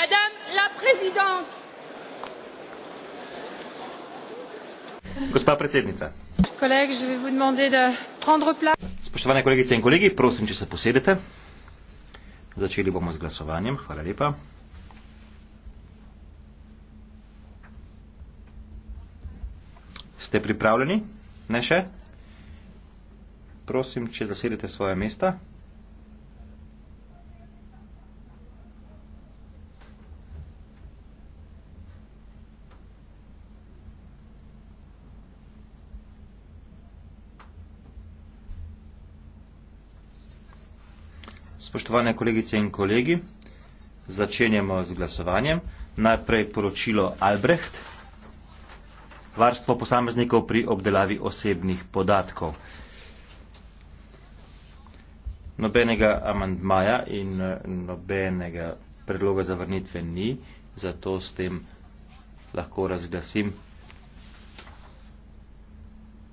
Madame la Présidente. Gospa Collègues, je vais vous demander de prendre place. Spoštovane kolegice in kolegi, prosim, če se posedete. Začeli bomo z glasovanjem. Hvala lepa. Ste pripravljeni? Ne še? Prosim, če zasedete svoje mesta. Spoštovane kolegice in kolegi, začenjamo z glasovanjem. Najprej poročilo Albrecht, varstvo posameznikov pri obdelavi osebnih podatkov. Nobenega amandmaja in eh, nobenega predloga za vrnitve ni, zato s tem lahko razglasim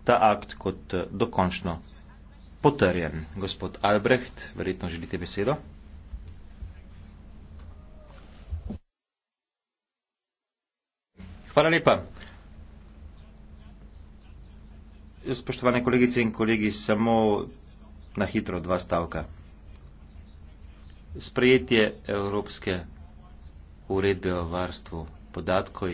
ta akt kot eh, dokončno potrjen. Gospod Albrecht, verjetno želite besedo? Hvala lepa. Spoštovane kolegice in kolegi, samo na hitro dva stavka. Sprejetje Evropske uredbe o varstvu podatkov je